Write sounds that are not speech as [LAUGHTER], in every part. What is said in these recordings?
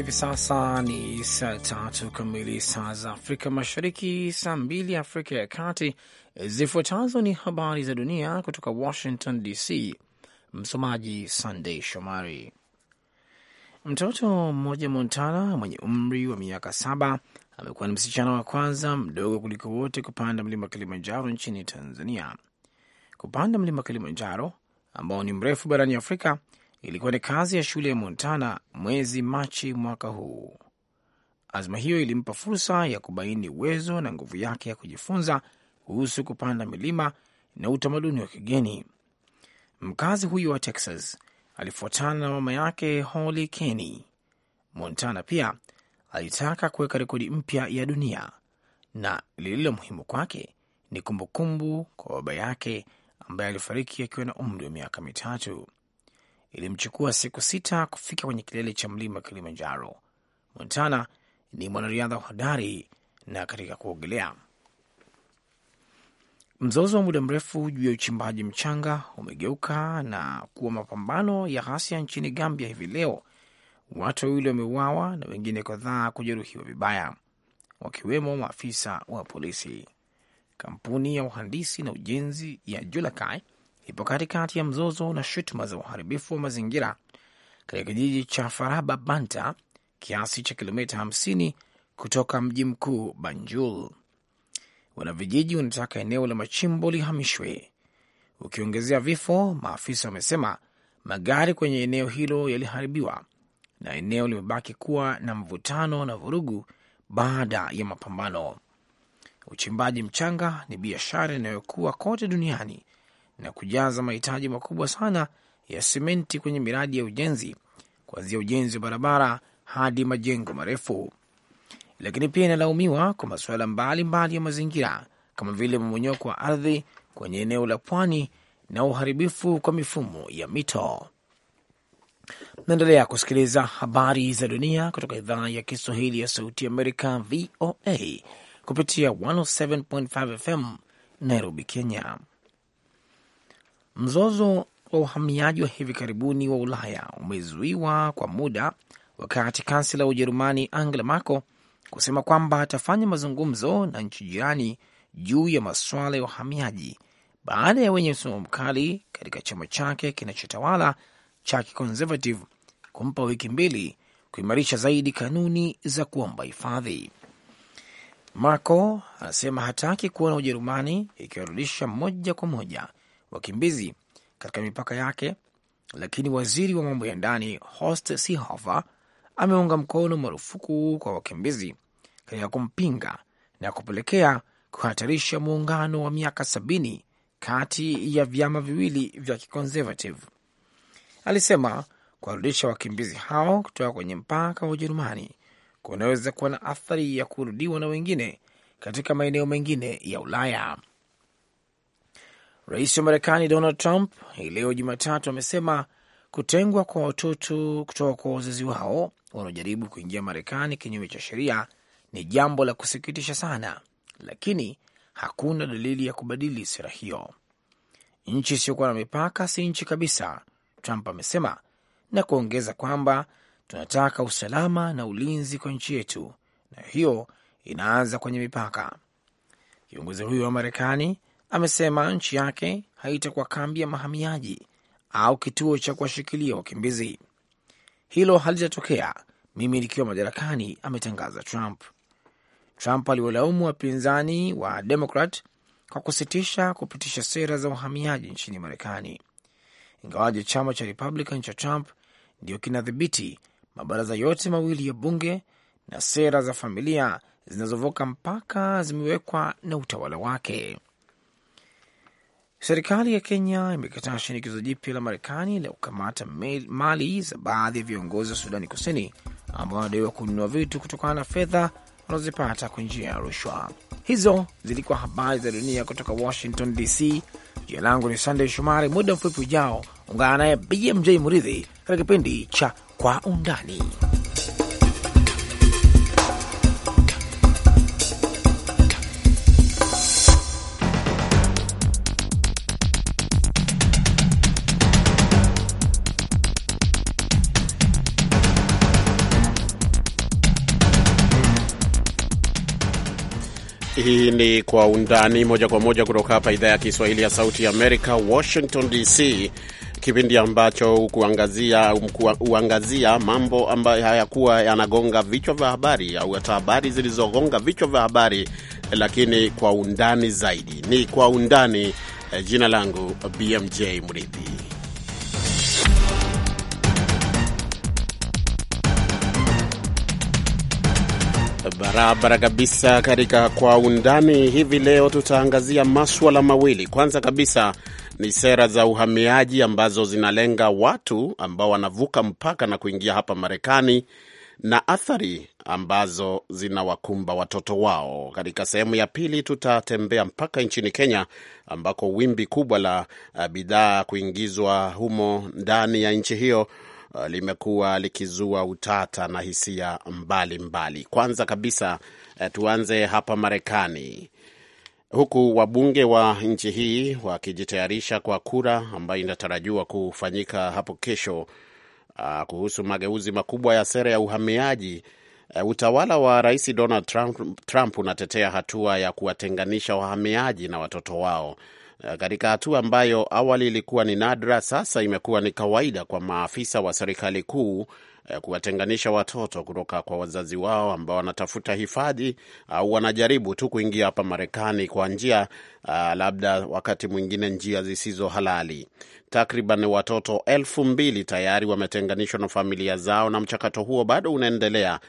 Hivi sasa ni saa tatu kamili saa za Afrika Mashariki, saa mbili Afrika ya Kati. Zifuatazo ni habari za dunia kutoka Washington DC. Msomaji Sandei Shomari. Mtoto mmoja Montana mwenye umri wa miaka saba amekuwa ni msichana wa kwanza mdogo kuliko wote kupanda mlima Kilimanjaro nchini Tanzania. Kupanda mlima Kilimanjaro ambao ni mrefu barani Afrika ilikuwa ni kazi ya shule ya Montana mwezi Machi mwaka huu. Azma hiyo ilimpa fursa ya kubaini uwezo na nguvu yake ya kujifunza kuhusu kupanda milima na utamaduni wa kigeni. Mkazi huyu wa Texas alifuatana na mama yake Holly Kenny. Montana pia alitaka kuweka rekodi mpya ya dunia, na lililo muhimu kwake ni kumbukumbu kwa baba yake ambaye alifariki akiwa na umri wa miaka mitatu ilimchukua siku sita kufika kwenye kilele cha mlima Kilimanjaro. Montana ni mwanariadha hodari na katika kuogelea. Mzozo wa muda mrefu juu ya uchimbaji mchanga umegeuka na kuwa mapambano ya ghasia nchini Gambia hivi leo. Watu wawili wameuawa na wengine kadhaa kujeruhiwa vibaya, wakiwemo maafisa wa polisi. Kampuni ya uhandisi na ujenzi ya Julakai ipo katikati ya mzozo na shutuma za uharibifu wa mazingira katika kijiji cha Faraba Banta, kiasi cha kilomita 50 kutoka mji mkuu Banjul. Wanavijiji wanataka eneo la machimbo lihamishwe. Ukiongezea vifo, maafisa wamesema magari kwenye eneo hilo yaliharibiwa na eneo limebaki kuwa na mvutano na vurugu baada ya mapambano. Uchimbaji mchanga ni biashara inayokuwa kote duniani na kujaza mahitaji makubwa sana ya simenti kwenye miradi ya ujenzi, kuanzia ujenzi wa barabara hadi majengo marefu. Lakini pia inalaumiwa kwa masuala mbalimbali ya mazingira kama vile mmonyoko wa ardhi kwenye eneo la pwani na uharibifu kwa mifumo ya mito. Naendelea kusikiliza habari za dunia kutoka idhaa ya Kiswahili ya Sauti Amerika, VOA, kupitia 107.5 FM Nairobi, Kenya. Mzozo wa uhamiaji wa hivi karibuni wa Ulaya umezuiwa kwa muda wakati kansela wa Ujerumani Angela Merkel kusema kwamba atafanya mazungumzo na nchi jirani juu ya masuala ya uhamiaji baada ya wenye msimamo mkali katika chama chake kinachotawala cha kiconservative kumpa wiki mbili kuimarisha zaidi kanuni za kuomba hifadhi. Merkel anasema hataki kuona Ujerumani ikiwarudisha moja kwa moja wakimbizi katika mipaka yake, lakini waziri wa mambo ya ndani Horst Seehofer ameunga mkono marufuku kwa wakimbizi katika kumpinga na kupelekea kuhatarisha muungano wa miaka sabini kati ya vyama viwili vya kiconservative. Alisema kuwarudisha wakimbizi hao kutoka kwenye mpaka wa Ujerumani kunaweza kuwa na athari ya kurudiwa na wengine katika maeneo mengine ya Ulaya. Rais wa Marekani Donald Trump hii leo Jumatatu amesema kutengwa kwa watoto kutoka kwa wazazi wao wanaojaribu kuingia Marekani kinyume cha sheria ni jambo la kusikitisha sana, lakini hakuna dalili ya kubadili sera hiyo. Nchi isiyokuwa na mipaka si nchi kabisa, Trump amesema na kuongeza kwamba tunataka usalama na ulinzi kwa nchi yetu, na hiyo inaanza kwenye mipaka. Kiongozi huyo wa Marekani amesema nchi yake haitakuwa kambi ya mahamiaji au kituo cha kuwashikilia wakimbizi. Hilo halitatokea mimi nikiwa madarakani, ametangaza Trump. Trump aliwalaumu wapinzani wa Demokrat kwa kusitisha kupitisha sera za uhamiaji nchini Marekani, ingawaje chama cha Republican cha Trump ndiyo kinadhibiti mabaraza yote mawili ya bunge na sera za familia zinazovuka mpaka zimewekwa na utawala wake. Serikali ya Kenya imekataa shinikizo jipya la Marekani la kukamata mali za baadhi ya viongozi wa Sudani Kusini ambao wanadaiwa kununua vitu kutokana na fedha wanazozipata kwa njia ya rushwa. Hizo zilikuwa habari za dunia kutoka Washington DC. Jina langu ni Sandey Shomari. Muda mfupi ujao ungana naye BMJ Muridhi katika kipindi cha Kwa Undani. Hii ni Kwa Undani, moja kwa moja kutoka hapa idhaa ya Kiswahili ya Sauti ya Amerika, Washington DC, kipindi ambacho hukuangazia huangazia mambo ambayo hayakuwa yanagonga vichwa vya habari au hata habari zilizogonga vichwa vya habari, lakini kwa undani zaidi. Ni Kwa Undani. Eh, jina langu BMJ Mridhi. Barabara kabisa. Katika kwa undani hivi leo tutaangazia maswala mawili. Kwanza kabisa ni sera za uhamiaji ambazo zinalenga watu ambao wanavuka mpaka na kuingia hapa Marekani na athari ambazo zinawakumba watoto wao. Katika sehemu ya pili tutatembea mpaka nchini Kenya ambako wimbi kubwa la eh, bidhaa kuingizwa humo ndani ya nchi hiyo Uh, limekuwa likizua utata na hisia mbalimbali mbali. Kwanza kabisa uh, tuanze hapa Marekani, huku wabunge wa nchi hii wakijitayarisha kwa kura ambayo inatarajiwa kufanyika hapo kesho uh, kuhusu mageuzi makubwa ya sera ya uhamiaji. utawala wa Rais Donald Trump, Trump unatetea hatua ya kuwatenganisha wahamiaji na watoto wao Eh, katika hatua ambayo awali ilikuwa ni nadra, sasa imekuwa ni kawaida kwa maafisa wa serikali kuu eh, kuwatenganisha watoto kutoka kwa wazazi wao ambao wanatafuta hifadhi au wanajaribu tu kuingia hapa Marekani kwa njia uh, labda wakati mwingine njia zisizo halali. Takriban watoto elfu mbili tayari wametenganishwa na familia zao, na mchakato huo bado unaendelea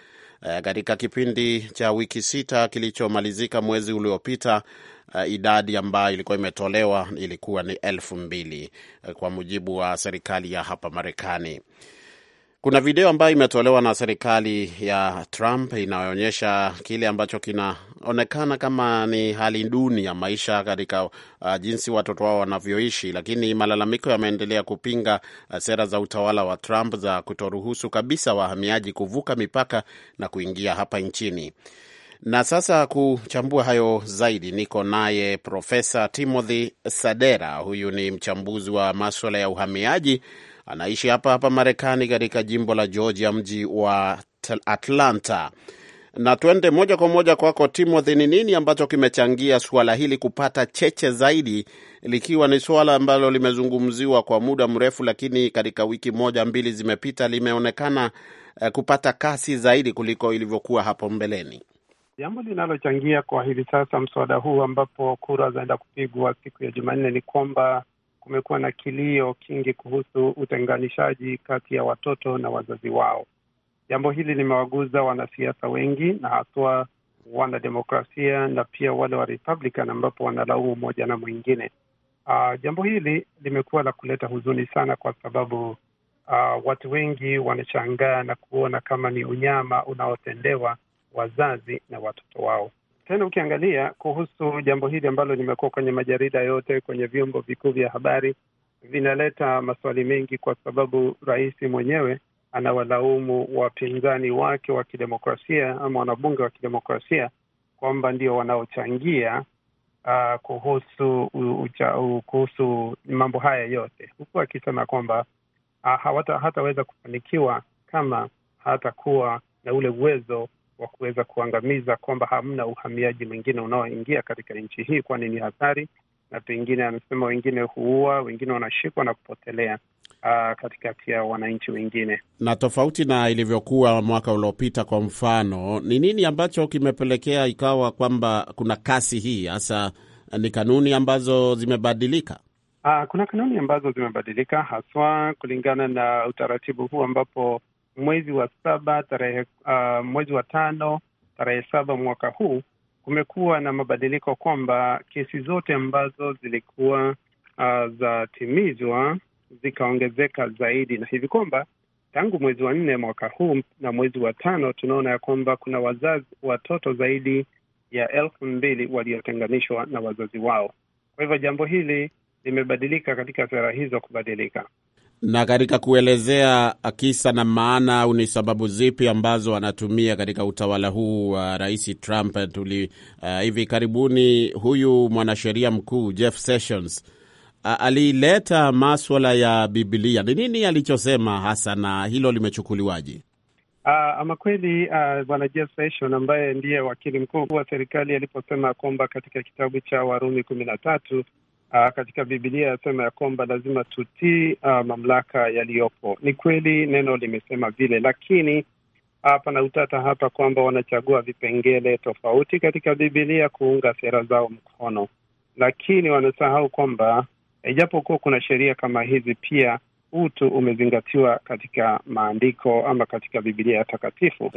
katika uh, kipindi cha wiki sita kilichomalizika mwezi uliopita uh, idadi ambayo ilikuwa imetolewa ilikuwa ni elfu mbili uh, kwa mujibu wa serikali ya hapa Marekani. Kuna video ambayo imetolewa na serikali ya Trump inayoonyesha kile ambacho kinaonekana kama ni hali duni ya maisha katika uh, jinsi watoto wao wanavyoishi, lakini malalamiko yameendelea kupinga uh, sera za utawala wa Trump za kutoruhusu kabisa wahamiaji kuvuka mipaka na kuingia hapa nchini. Na sasa kuchambua hayo zaidi, niko naye Profesa Timothy Sadera. Huyu ni mchambuzi wa maswala ya uhamiaji, anaishi hapa hapa Marekani, katika jimbo la Georgia, mji wa Atlanta. Na tuende moja kwa moja kwako Timothy, ni nini ambacho kimechangia suala hili kupata cheche zaidi, likiwa ni suala ambalo limezungumziwa kwa muda mrefu, lakini katika wiki moja mbili zimepita limeonekana eh, kupata kasi zaidi kuliko ilivyokuwa hapo mbeleni? Jambo linalochangia kwa hivi sasa mswada huu ambapo kura zaenda kupigwa siku ya Jumanne ni kwamba kumekuwa na kilio kingi kuhusu utenganishaji kati ya watoto na wazazi wao. Jambo hili limewaguza wanasiasa wengi na haswa wanademokrasia na pia wale wa Republican ambapo wanalaumu mmoja na mwingine. Uh, jambo hili limekuwa la kuleta huzuni sana kwa sababu uh, watu wengi wanashangaa na kuona kama ni unyama unaotendewa wazazi na watoto wao. Tena ukiangalia kuhusu jambo hili ambalo limekuwa kwenye majarida yote, kwenye vyombo vikuu vya habari, vinaleta maswali mengi, kwa sababu rais mwenyewe anawalaumu wapinzani wake wa kidemokrasia ama wanabunge wa kidemokrasia kwamba ndio wanaochangia uh, kuhusu ucha, uh, kuhusu mambo haya yote, huku akisema kwamba uh, hawata hataweza kufanikiwa kama hatakuwa na ule uwezo wa kuweza kuangamiza kwamba hamna uhamiaji mwingine unaoingia katika nchi hii, kwani ni hatari, na pengine amesema wengine huua, wengine wanashikwa na kupotelea uh, katikati ya wananchi wengine. Na tofauti na ilivyokuwa mwaka uliopita, kwa mfano, ni nini ambacho kimepelekea ikawa kwamba kuna kasi hii hasa? Ni kanuni ambazo zimebadilika. Uh, kuna kanuni ambazo zimebadilika haswa kulingana na utaratibu huu ambapo mwezi wa saba tarehe uh, mwezi wa tano tarehe saba mwaka huu kumekuwa na mabadiliko kwamba kesi zote ambazo zilikuwa uh, zatimizwa zikaongezeka zaidi, na hivi kwamba tangu mwezi wa nne mwaka huu na mwezi wa tano tunaona ya kwamba kuna wazazi watoto zaidi ya elfu mbili waliotenganishwa na wazazi wao. Kwa hivyo jambo hili limebadilika katika sera hizo kubadilika. Na katika kuelezea kisa na maana au ni sababu zipi ambazo anatumia katika utawala huu wa uh, Rais Trump tuli, uh, hivi karibuni huyu mwanasheria mkuu Jeff Sessions uh, aliileta maswala ya Biblia. Ni nini alichosema hasa na hilo limechukuliwaje? Uh, ama kweli uh, bwana Jeff Sessions ambaye ndiye wakili mkuu wa serikali aliposema kwamba katika kitabu cha Warumi kumi na tatu Uh, katika Bibilia yasema ya kwamba lazima tutii uh, mamlaka yaliyopo. Ni kweli neno limesema vile, lakini ah, pana utata hapa kwamba wanachagua vipengele tofauti katika Bibilia kuunga sera zao mkono, lakini wanasahau kwamba ijapokuwa kuna sheria kama hizi, pia utu umezingatiwa katika maandiko ama katika Bibilia takatifu.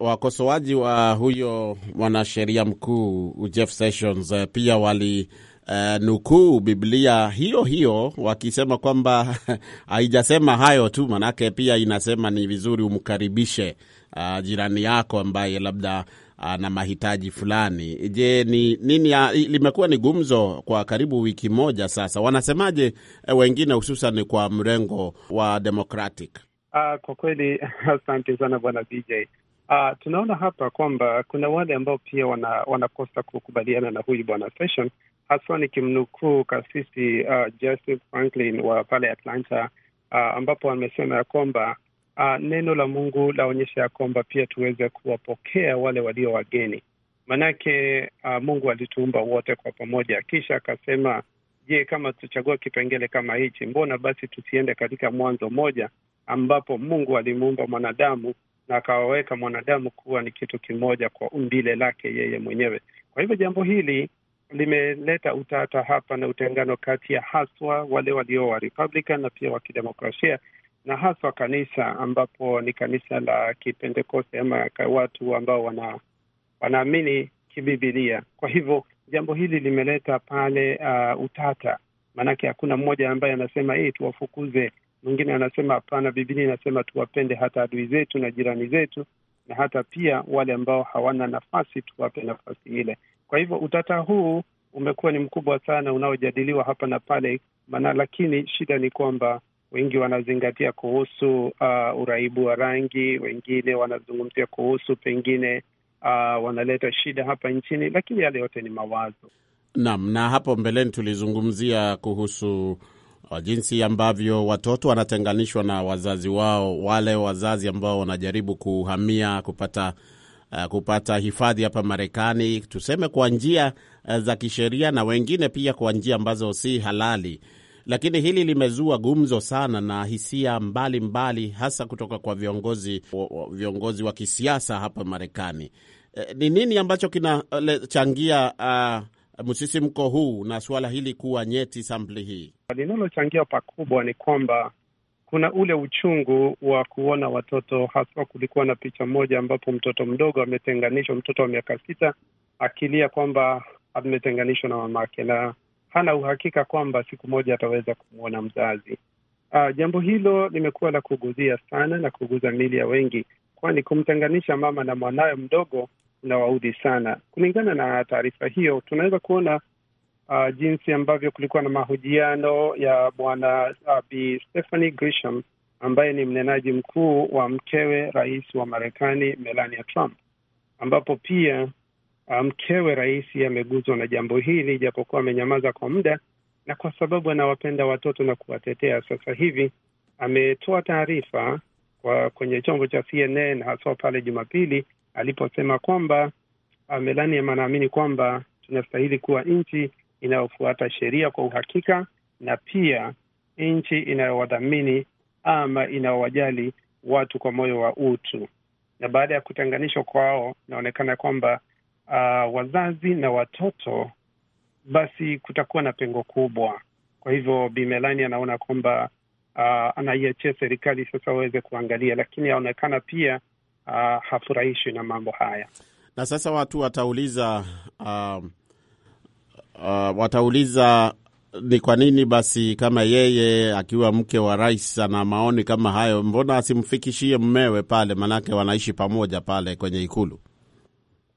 Wakosoaji wa huyo mwanasheria mkuu Jeff Sessions eh, pia wali uh, nukuu Biblia hiyo hiyo wakisema kwamba [LAUGHS] haijasema hayo tu, manake pia inasema ni vizuri umkaribishe uh, jirani yako ambaye labda ana mahitaji fulani. Je, ni nini? Ah, limekuwa ni gumzo kwa karibu wiki moja sasa. Wanasemaje eh, wengine, hususan kwa mrengo wa Democratic? Uh, kwa kweli [LAUGHS] asante sana bwana BJ. Uh, tunaona hapa kwamba kuna wale ambao pia wanakosa wana kukubaliana na huyu bwana Sessions haswa nikimnukuu kasisi uh, Joseph Franklin wa pale Atlanta uh, ambapo amesema ya kwamba uh, neno la Mungu laonyesha ya kwamba pia tuweze kuwapokea wale walio wageni, maanake uh, Mungu alituumba wote kwa pamoja. Kisha akasema, je, kama tuchagua kipengele kama hichi, mbona basi tusiende katika Mwanzo moja ambapo Mungu alimuumba mwanadamu na akawaweka mwanadamu kuwa ni kitu kimoja kwa umbile lake yeye mwenyewe. Kwa hivyo jambo hili limeleta utata hapa na utengano kati ya haswa wale walio wa Republican na pia wa kidemokrasia na haswa kanisa ambapo ni kanisa la Kipentekoste ama watu ambao wana wanaamini kibibilia. Kwa hivyo jambo hili limeleta pale uh, utata, maanake hakuna mmoja ambaye anasema hey, tuwafukuze. Mwingine anasema hapana, Bibilia inasema tuwapende hata adui zetu na jirani zetu, na hata pia wale ambao hawana nafasi tuwape nafasi ile. Kwa hivyo utata huu umekuwa ni mkubwa sana unaojadiliwa hapa na pale maana, lakini shida ni kwamba wengi wanazingatia kuhusu uh, uraibu wa rangi, wengine wanazungumzia kuhusu pengine uh, wanaleta shida hapa nchini, lakini yale yote ni mawazo. Naam, na hapo mbeleni tulizungumzia kuhusu uh, jinsi ambavyo watoto wanatenganishwa na wazazi wao, wale wazazi ambao wanajaribu kuhamia kupata uh, kupata hifadhi hapa Marekani, tuseme kwa njia uh, za kisheria na wengine pia kwa njia ambazo si halali. Lakini hili limezua gumzo sana na hisia mbalimbali mbali, hasa kutoka kwa viongozi, viongozi wa kisiasa hapa Marekani. Uh, ni nini ambacho kinachangia uh, uh, msisimko huu na suala hili kuwa nyeti sampli hii? Linalochangia pakubwa ni kwamba kuna ule uchungu wa kuona watoto haswa. Kulikuwa na picha moja ambapo mtoto mdogo ametenganishwa, mtoto wa miaka sita akilia kwamba ametenganishwa na mamake na hana uhakika kwamba siku moja ataweza kumwona mzazi. Uh, jambo hilo limekuwa la kuguzia sana na kuguza mili ya wengi, kwani kumtenganisha mama na mwanawe mdogo unawaudhi sana. Kulingana na taarifa hiyo, tunaweza kuona uh, jinsi ambavyo kulikuwa na mahojiano ya bwana uh, Bi Stephanie Grisham ambaye ni mnenaji mkuu wa mkewe rais wa Marekani Melania Trump, ambapo pia ah, mkewe um, rais ameguzwa na jambo hili, ijapokuwa amenyamaza kwa muda, na kwa sababu anawapenda watoto na kuwatetea, sasa hivi ametoa taarifa kwenye chombo cha CNN haswa pale Jumapili aliposema kwamba Melania anaamini kwamba tunastahili kuwa nchi inayofuata sheria kwa uhakika na pia nchi inayowadhamini ama inayowajali watu kwa moyo wa utu. Na baada ya kutenganishwa kwao, inaonekana kwamba uh, wazazi na watoto, basi kutakuwa na pengo kubwa. Kwa hivyo Bimelani anaona kwamba uh, anaiachia serikali sasa waweze kuangalia, lakini aonekana pia uh, hafurahishwi na mambo haya, na sasa watu watauliza uh uh, watauliza ni kwa nini basi, kama yeye akiwa mke wa rais ana maoni kama hayo, mbona asimfikishie mmewe pale? Maanake wanaishi pamoja pale kwenye ikulu.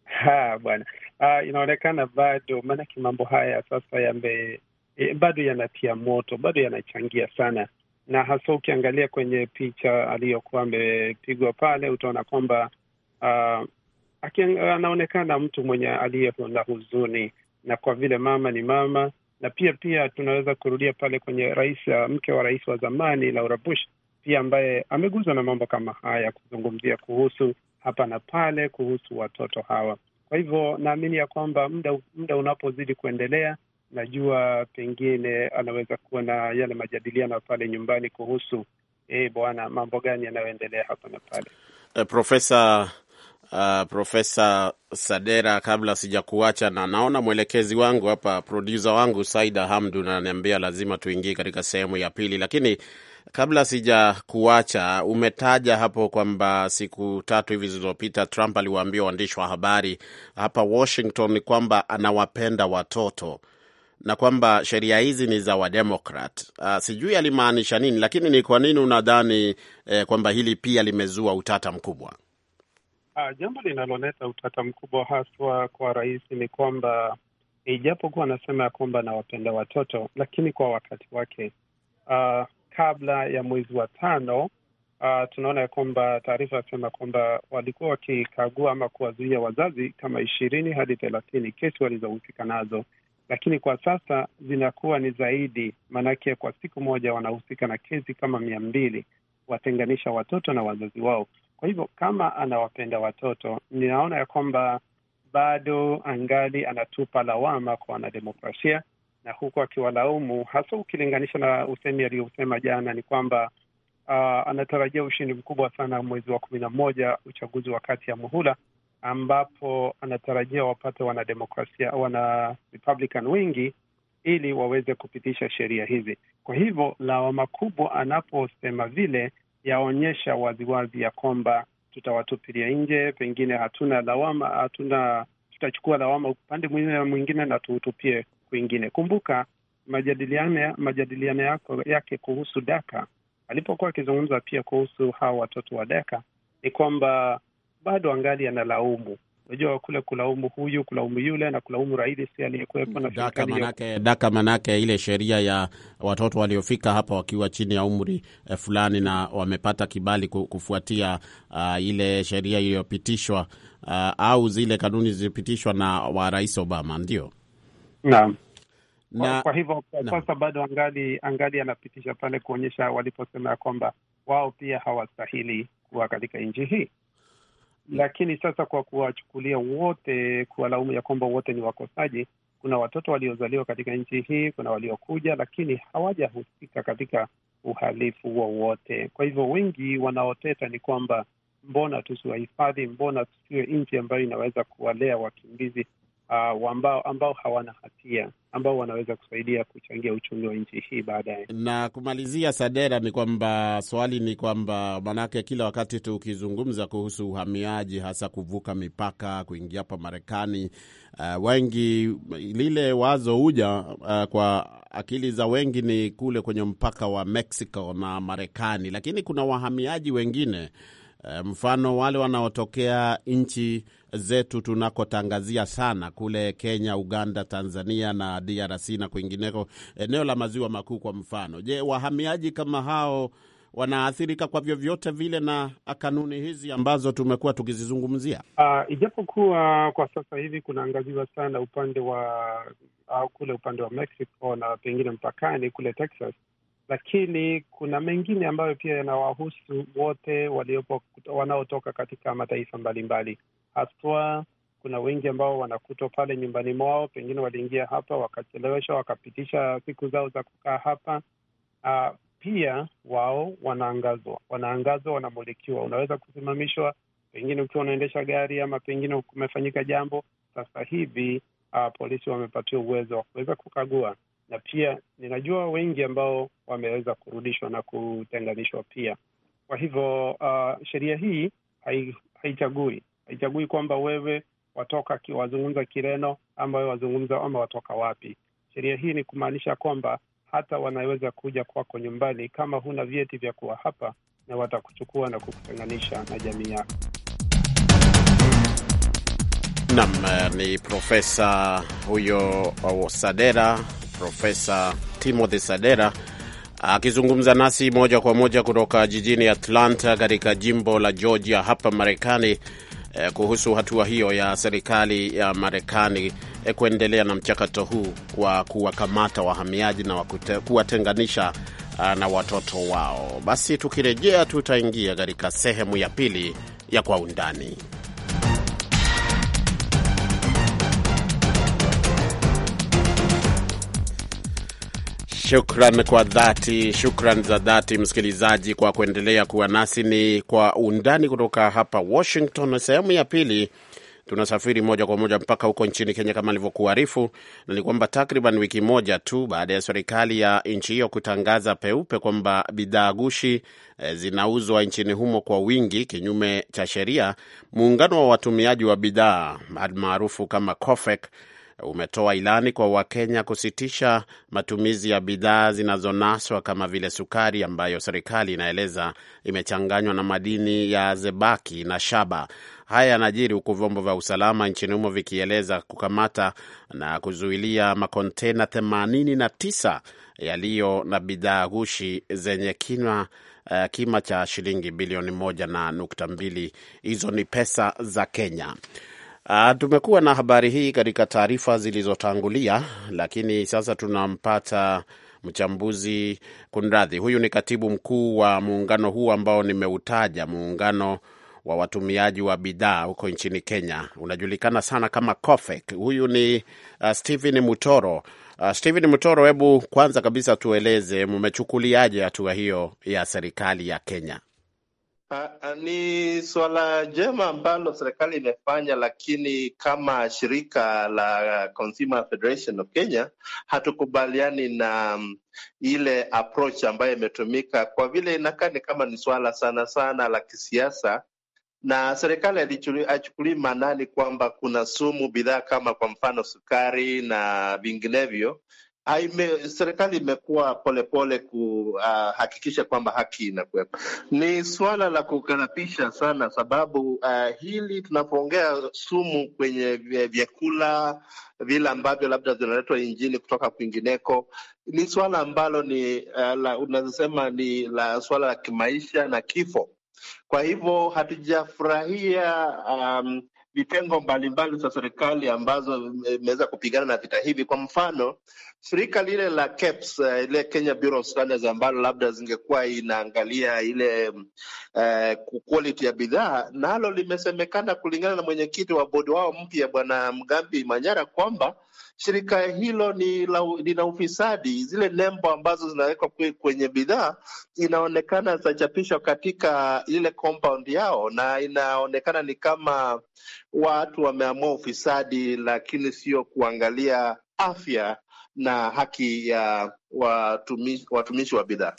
Ha, bwana uh, inaonekana bado, maanake mambo haya sasa yame e, bado yanatia moto, bado yanachangia sana, na hasa ukiangalia kwenye picha aliyokuwa amepigwa pale, utaona kwamba uh, anaonekana mtu mwenye aliye na huzuni na kwa vile mama ni mama, na pia pia tunaweza kurudia pale kwenye rais, uh, mke wa rais wa zamani Laura Bush pia ambaye ameguzwa na mambo kama haya, kuzungumzia kuhusu hapa na pale kuhusu watoto hawa. Kwa hivyo naamini ya kwamba muda muda unapozidi kuendelea, najua pengine anaweza kuwa na yale majadiliano pale nyumbani kuhusu eh, bwana, mambo gani yanayoendelea hapa na pale. Uh, Profesa Uh, ah, Profesa Sadera, kabla sijakuacha, na naona mwelekezi wangu hapa, produsa wangu Saida Hamdun ananiambia lazima tuingie katika sehemu ya pili, lakini kabla sijakuacha, umetaja hapo kwamba siku tatu hivi zilizopita Trump aliwaambia waandishi wa habari hapa Washington kwamba anawapenda watoto na kwamba sheria hizi ni za Wademokrat. Uh, sijui alimaanisha nini, lakini ni kwa nini unadhani eh, kwamba hili pia limezua utata mkubwa? Uh, jambo linaloleta utata mkubwa haswa kwa rais ni kwamba ijapokuwa anasema ya kwamba anawapenda watoto, lakini kwa wakati wake uh, kabla ya mwezi wa tano uh, tunaona ya kwamba taarifa yasema kwamba walikuwa wakikagua ama kuwazuia wazazi kama ishirini hadi thelathini kesi walizohusika nazo, lakini kwa sasa zinakuwa ni zaidi, maanake kwa siku moja wanahusika na kesi kama mia mbili watenganisha watoto na wazazi wao. Kwa hivyo kama anawapenda watoto, ninaona ya kwamba bado angali anatupa lawama kwa wanademokrasia, na huku akiwalaumu hasa, ukilinganisha na usemi aliyosema jana, ni kwamba uh, anatarajia ushindi mkubwa sana mwezi wa kumi na moja, uchaguzi wa kati ya muhula, ambapo anatarajia wapate wanademokrasia, wana Republican wengi ili waweze kupitisha sheria hizi. Kwa hivyo lawama kubwa anaposema vile yaonyesha waziwazi ya kwamba tutawatupilia nje, pengine hatuna lawama, hatuna tutachukua lawama upande mwingine na mwingine na tuutupie kwingine. Kumbuka majadiliano majadiliano yako yake kuhusu Daka alipokuwa akizungumza pia kuhusu hawa watoto wa Daka ni kwamba bado angali analaumu Unajua, kule kulaumu huyu kulaumu yule na kulaumu rais aliyekuwepo na daka manake, daka manake ile sheria ya watoto waliofika hapa wakiwa chini ya umri eh, fulani na wamepata kibali kufuatia uh, ile sheria iliyopitishwa uh, au zile kanuni zilizopitishwa na wa rais Obama, ndio na. na, kwa hivyo sasa bado angali angali anapitisha pale kuonyesha waliposema ya kwamba wao pia hawastahili kuwa katika nchi hii. Lakini sasa kwa kuwachukulia wote, kuwalaumu ya kwamba wote ni wakosaji, kuna watoto waliozaliwa katika nchi hii, kuna waliokuja, lakini hawajahusika katika uhalifu wowote. Kwa hivyo wengi wanaoteta ni kwamba mbona tusiwahifadhi, mbona tusiwe nchi ambayo inaweza kuwalea wakimbizi uh, ambao, ambao hawana hatia ambao wanaweza kusaidia kuchangia uchumi wa nchi hii baadaye. Na kumalizia, Sadera, ni kwamba swali ni kwamba manake, kila wakati tukizungumza kuhusu uhamiaji, hasa kuvuka mipaka kuingia hapa Marekani, uh, wengi lile wazo huja uh, kwa akili za wengi ni kule kwenye mpaka wa Mexico na Marekani, lakini kuna wahamiaji wengine uh, mfano wale wanaotokea nchi zetu tunakotangazia sana kule Kenya, Uganda, Tanzania na DRC na kwingineko, eneo la maziwa makuu kwa mfano. Je, wahamiaji kama hao wanaathirika kwa vyovyote vile na kanuni hizi ambazo tumekuwa tukizizungumzia? Uh, ijapokuwa kwa sasa hivi kunaangaziwa sana upande wa au kule upande wa Mexico na pengine mpakani kule Texas lakini kuna mengine ambayo pia yanawahusu wote waliopo wanaotoka katika mataifa mbalimbali haswa kuna wengi ambao wanakutwa pale nyumbani mwao, pengine waliingia hapa wakachelewesha, wakapitisha siku zao za kukaa hapa. Uh, pia wao wanaangazwa, wanaangazwa, wanamulikiwa. Unaweza kusimamishwa pengine ukiwa unaendesha gari ama pengine kumefanyika jambo. Sasa hivi uh, polisi wamepatia uwezo wa kuweza kukagua na pia ninajua wengi ambao wameweza kurudishwa na kutenganishwa pia. Kwa hivyo uh, sheria hii haichagui haichagui kwamba wewe watoka wazungumza Kireno ama wewe wazungumza ama watoka wapi. Sheria hii ni kumaanisha kwamba hata wanaweza kuja kwako nyumbani kama huna vyeti vya kuwa hapa, na watakuchukua na kukutenganisha na jamii yako. Nam ni profesa huyo Sadera Profesa Timothy Sadera akizungumza nasi moja kwa moja kutoka jijini Atlanta katika jimbo la Georgia hapa Marekani eh, kuhusu hatua hiyo ya serikali ya Marekani eh, kuendelea na mchakato huu wa kuwakamata wahamiaji na kuwatenganisha ah, na watoto wao. Basi tukirejea, tutaingia katika sehemu ya pili ya Kwa Undani. Shukran kwa dhati, shukran za dhati msikilizaji, kwa kuendelea kuwa nasi. Ni kwa undani kutoka hapa Washington. Sehemu ya pili tunasafiri moja kwa moja mpaka huko nchini Kenya. Kama nilivyokuarifu, na ni kwamba takriban wiki moja tu baada ya serikali ya nchi hiyo kutangaza peupe kwamba bidhaa gushi eh, zinauzwa nchini humo kwa wingi kinyume cha sheria, muungano wa watumiaji wa bidhaa almaarufu kama COFEK umetoa ilani kwa Wakenya kusitisha matumizi ya bidhaa zinazonaswa kama vile sukari ambayo serikali inaeleza imechanganywa na madini ya zebaki na shaba. Haya yanajiri huku vyombo vya usalama nchini humo vikieleza kukamata na kuzuilia makontena 89 yaliyo na bidhaa ghushi zenye kinwa Uh, eh, kima cha shilingi bilioni moja na nukta mbili. Hizo ni pesa za Kenya. Uh, tumekuwa na habari hii katika taarifa zilizotangulia, lakini sasa tunampata mchambuzi kunradhi, huyu ni katibu mkuu wa muungano huu ambao nimeutaja, muungano wa watumiaji wa bidhaa huko nchini Kenya, unajulikana sana kama COFEK. Huyu ni uh, ah, Stephen Mutoro. Uh, ah, Stephen Mutoro, hebu kwanza kabisa tueleze mmechukuliaje hatua hiyo ya serikali ya Kenya? Ha, ah, ah, ni suala jema ambalo serikali imefanya, lakini kama shirika la Consumer Federation of Kenya hatukubaliani na mm, ile approach ambayo imetumika, kwa vile inakaa ni kama ni suala sana sana la kisiasa, na serikali haichukulii maanani kwamba kuna sumu bidhaa kama kwa mfano sukari na vinginevyo haime, ah, serikali imekuwa polepole kuhakikisha ah, uh, kwamba haki inakuwepo. Ni suala la kukarapisha sana, sababu uh, hili tunapoongea sumu kwenye vyakula vile ambavyo labda zinaletwa injini kutoka kwingineko ni suala ambalo ni uh, unazosema ni la suala la kimaisha na kifo. Kwa hivyo hatujafurahia um, vitengo mbalimbali za serikali ambazo eh, imeweza kupigana na vita hivi. Kwa mfano, shirika lile la KEPS, uh, ile Kenya Bureau of Standards ambalo labda zingekuwa inaangalia ile uh, quality ya bidhaa, nalo limesemekana kulingana na mwenyekiti wa bodi wao mpya Bwana Mgambi Manyara kwamba shirika hilo lina ufisadi. Zile nembo ambazo zinawekwa kwenye bidhaa inaonekana zachapishwa katika ile compound yao, na inaonekana ni kama watu wameamua ufisadi, lakini sio kuangalia afya na haki ya watumishi, watumishi wa bidhaa.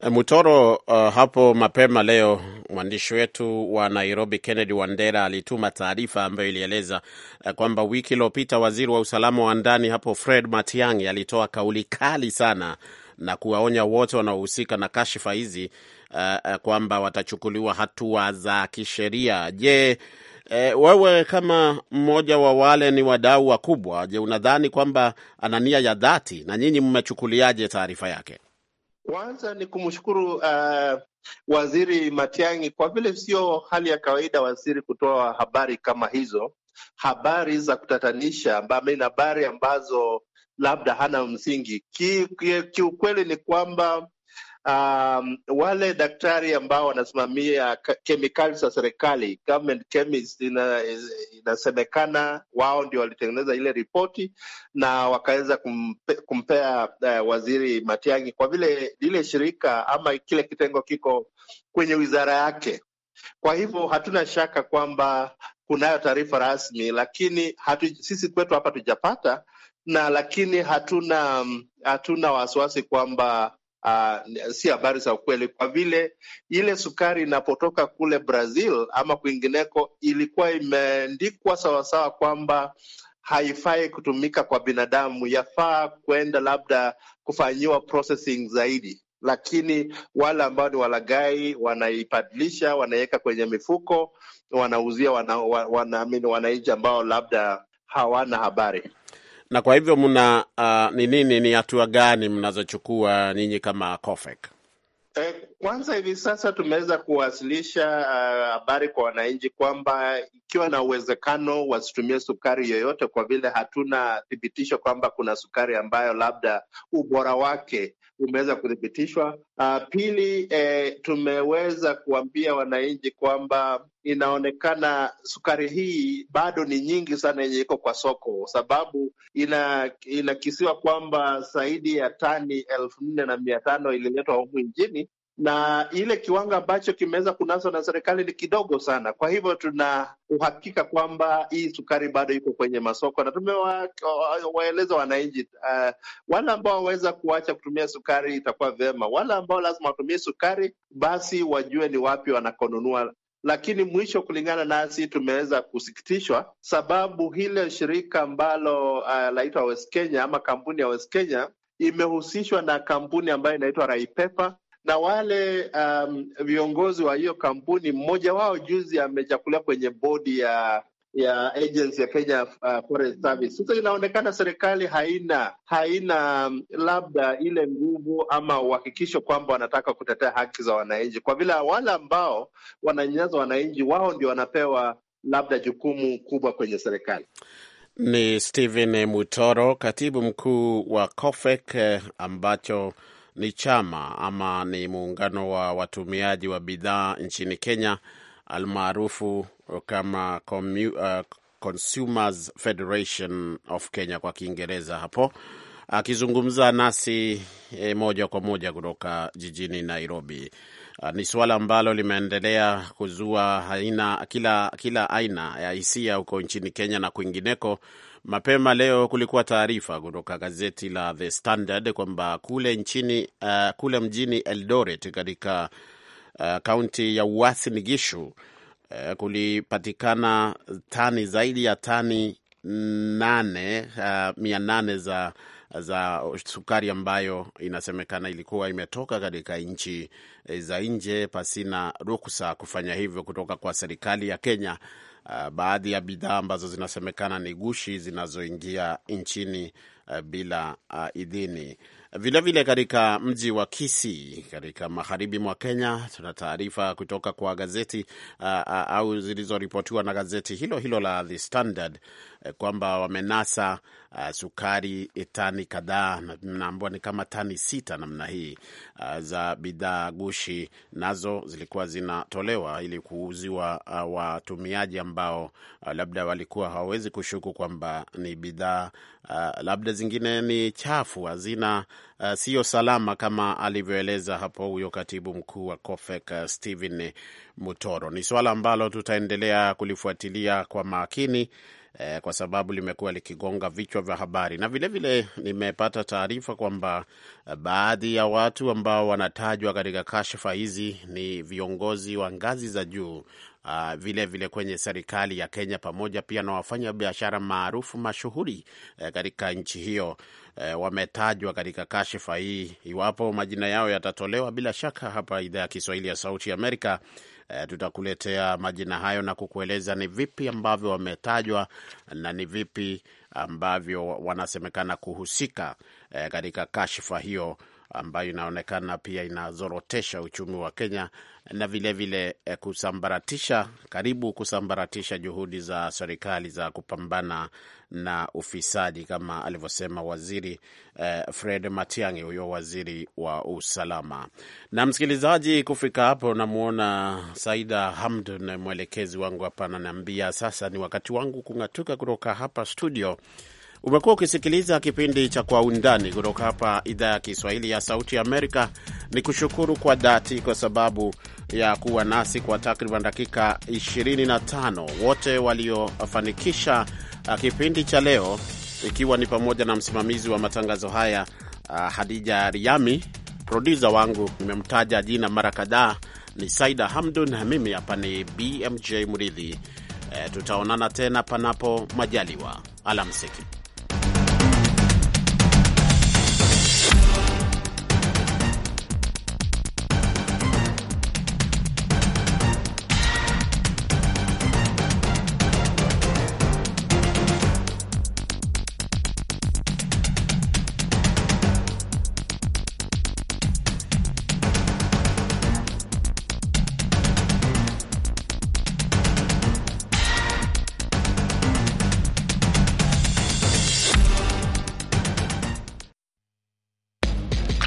Eh, Mutoro, uh, hapo mapema leo mwandishi wetu wa Nairobi Kennedy Wandera alituma taarifa ambayo ilieleza uh, kwamba wiki iliyopita waziri wa usalama wa ndani hapo Fred Matiang'i alitoa kauli kali sana na kuwaonya wote wanaohusika na kashifa hizi uh, kwamba watachukuliwa hatua za kisheria. Je, E, wewe kama mmoja wa wale ni wadau wakubwa, je, unadhani kwamba ana nia ya dhati na nyinyi mmechukuliaje taarifa yake? Kwanza ni kumshukuru uh, Waziri Matiang'i kwa vile sio hali ya kawaida waziri kutoa habari kama hizo, habari za kutatanisha na habari ambazo labda hana msingi. Kiukweli ki, ki ni kwamba um, wale daktari ambao wanasimamia kemikali za serikali government chemist, ina, inasemekana wao ndio walitengeneza ile ripoti na wakaweza kumpe, kumpea uh, waziri Matiang'i kwa vile lile shirika ama kile kitengo kiko kwenye wizara yake. Kwa hivyo hatuna shaka kwamba kunayo taarifa rasmi, lakini hatu, sisi kwetu hapa tujapata na lakini hatuna mm, hatuna wasiwasi kwamba uh, si habari za ukweli, kwa vile ile sukari inapotoka kule Brazil ama kwingineko ilikuwa imeandikwa sawasawa kwamba haifai kutumika kwa binadamu, yafaa kwenda labda kufanyiwa processing zaidi lakini wale ambao ni walagai wanaibadilisha, wanaiweka kwenye mifuko, wanauzia wananchi wana, wana, wana ambao labda hawana habari. Na kwa hivyo mna uh, ah, ni nini, ni hatua gani mnazochukua ninyi kama COFEC? Eh, kwanza hivi sasa tumeweza kuwasilisha ah, habari uh, kwa wananchi kwamba ikiwa na uwezekano wasitumie sukari yoyote, kwa vile hatuna thibitisho kwamba kuna sukari ambayo labda ubora wake umeweza kuthibitishwa Uh, pili eh, tumeweza kuambia wananchi kwamba inaonekana sukari hii bado ni nyingi sana yenye iko kwa soko, sababu ina inakisiwa kwamba zaidi ya tani elfu nne na mia tano ililetwa humu nchini na ile kiwango ambacho kimeweza kunaswa na serikali ni kidogo sana. Kwa hivyo tuna uhakika kwamba hii sukari bado iko kwenye masoko, na tumewaeleza wananchi uh, wale ambao waweza kuacha kutumia sukari itakuwa vyema. Wale ambao lazima watumie sukari, basi wajue ni wapi wanakonunua lakini mwisho, kulingana nasi, tumeweza kusikitishwa sababu hile shirika ambalo uh, laitwa West Kenya ama kampuni ya West Kenya imehusishwa na kampuni ambayo inaitwa Raipepa na wale um, viongozi wa hiyo kampuni, mmoja wao juzi amechakulia kwenye bodi ya ya agency ya Kenya uh, Forest Service. Sasa inaonekana serikali haina haina um, labda ile nguvu ama uhakikisho kwamba wanataka kutetea haki za wananchi, kwa vile wale ambao wananyanyaza wananchi wao ndio wanapewa labda jukumu kubwa kwenye serikali. Ni Stephen Mutoro, katibu mkuu wa COFEC eh, ambacho ni chama ama ni muungano wa watumiaji wa bidhaa nchini Kenya almaarufu kama uh, Consumers Federation of Kenya kwa Kiingereza hapo akizungumza nasi e, moja kwa moja kutoka jijini Nairobi. Uh, ni suala ambalo limeendelea kuzua kila, kila aina ya hisia huko nchini Kenya na kwingineko, Mapema leo kulikuwa taarifa kutoka gazeti la The Standard kwamba kule nchini uh, kule mjini Eldoret katika uh, kaunti uh, ya Uasin Gishu uh, kulipatikana tani zaidi ya tani nane uh, mia nane za za sukari ambayo inasemekana ilikuwa imetoka katika nchi eh, za nje pasina ruksa kufanya hivyo kutoka kwa serikali ya Kenya Uh, baadhi ya bidhaa ambazo zinasemekana ni gushi zinazoingia nchini Eh, bila uh, idhini. Vilevile katika mji wa Kisii katika magharibi mwa Kenya, tuna taarifa kutoka kwa gazeti uh, uh, au zilizoripotiwa na gazeti hilo hilo la The Standard uh, kwamba wamenasa uh, sukari tani kadhaa, naambiwa ni kama tani sita namna hii uh, za bidhaa gushi, nazo zilikuwa zinatolewa ili kuuziwa uh, watumiaji ambao uh, labda walikuwa hawawezi kushuku kwamba ni bidhaa uh, labda zingine ni chafu, hazina uh, sio salama kama alivyoeleza hapo huyo katibu mkuu wa COFEC uh, Stephen Mutoro. Ni suala ambalo tutaendelea kulifuatilia kwa makini eh, kwa sababu limekuwa likigonga vichwa vya habari na vilevile nimepata taarifa kwamba uh, baadhi ya watu ambao wanatajwa katika kashfa hizi ni viongozi wa ngazi za juu uh, vile vile kwenye serikali ya Kenya pamoja pia na wafanya biashara maarufu mashuhuri uh, katika nchi hiyo uh, wametajwa katika kashifa hii. Iwapo majina yao yatatolewa, bila shaka hapa idhaa ya Kiswahili ya Sauti Amerika uh, tutakuletea majina hayo na kukueleza ni vipi ambavyo wametajwa na ni vipi ambavyo wanasemekana kuhusika uh, katika kashifa hiyo ambayo inaonekana pia inazorotesha uchumi wa Kenya na vilevile vile eh, kusambaratisha, karibu kusambaratisha juhudi za serikali za kupambana na ufisadi kama alivyosema waziri eh, Fred Matiang'i, huyo waziri wa usalama. Na msikilizaji, kufika hapo, namwona Saida Hamdun, mwelekezi wangu hapa, ananiambia sasa ni wakati wangu kung'atuka kutoka hapa studio. Umekuwa ukisikiliza kipindi cha Kwa Undani kutoka hapa idhaa ya Kiswahili ya Sauti ya Amerika. Ni kushukuru kwa dhati kwa sababu ya kuwa nasi kwa takriban dakika 25. Wote waliofanikisha uh, kipindi cha leo, ikiwa ni pamoja na msimamizi wa matangazo haya uh, Hadija Riami, produsa wangu nimemtaja jina mara kadhaa ni Saida Hamdun, na mimi hapa ni BMJ Muridhi. E, tutaonana tena panapo majaliwa. Alamsiki.